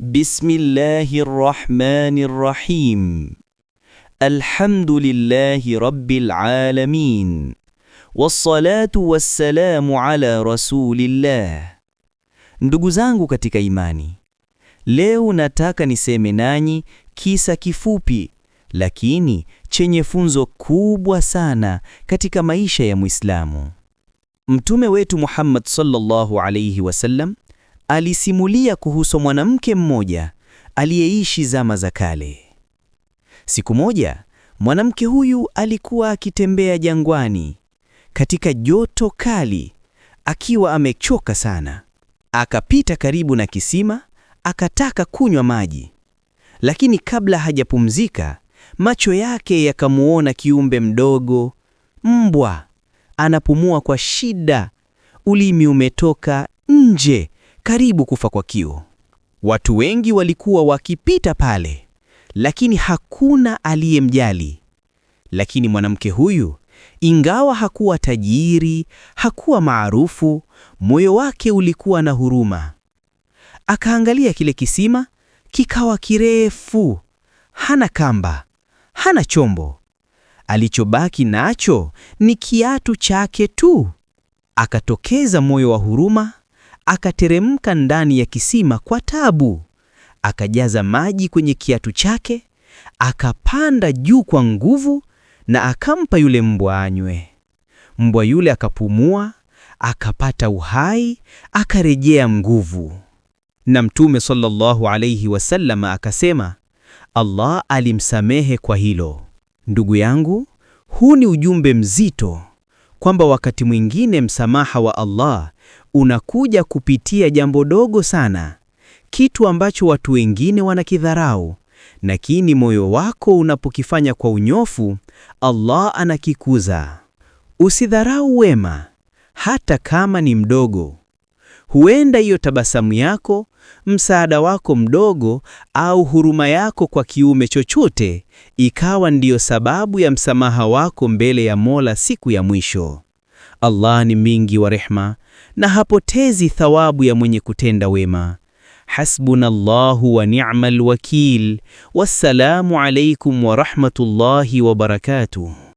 بسم الله الرحمن الرحيم الحمد لله رب العالمين والصلاة والسلام على رسول الله Ndugu zangu katika imani, leo nataka niseme nanyi kisa kifupi lakini chenye funzo kubwa sana katika maisha ya Muislamu. Mtume wetu Muhammad sallallahu alayhi wasallam Alisimulia kuhusu mwanamke mmoja aliyeishi zama za kale. Siku moja, mwanamke huyu alikuwa akitembea jangwani katika joto kali akiwa amechoka sana. Akapita karibu na kisima, akataka kunywa maji. Lakini kabla hajapumzika, macho yake yakamuona kiumbe mdogo, mbwa, anapumua kwa shida, ulimi umetoka nje karibu kufa kwa kiu. Watu wengi walikuwa wakipita pale, lakini hakuna aliyemjali. Lakini mwanamke huyu, ingawa hakuwa tajiri, hakuwa maarufu, moyo wake ulikuwa na huruma. Akaangalia kile kisima, kikawa kirefu, hana kamba, hana chombo. Alichobaki nacho ni kiatu chake tu. Akatokeza moyo wa huruma akateremka ndani ya kisima kwa tabu, akajaza maji kwenye kiatu chake, akapanda juu kwa nguvu na akampa yule mbwa anywe. Mbwa yule akapumua, akapata uhai, akarejea nguvu. Na Mtume sallallahu alayhi wasallam akasema, Allah alimsamehe kwa hilo. Ndugu yangu, huu ni ujumbe mzito kwamba wakati mwingine msamaha wa Allah unakuja kupitia jambo dogo sana, kitu ambacho watu wengine wanakidharau, lakini moyo wako unapokifanya kwa unyofu, Allah anakikuza. Usidharau wema hata kama ni mdogo. Huenda hiyo tabasamu yako, msaada wako mdogo, au huruma yako kwa kiume chochote ikawa ndiyo sababu ya msamaha wako mbele ya Mola siku ya mwisho. Allah ni mwingi wa rehma, na hapotezi thawabu ya mwenye kutenda wema. Hasbunallahu wa ni'mal wakil. Wassalamu alaykum wa rahmatullahi wa barakatuh.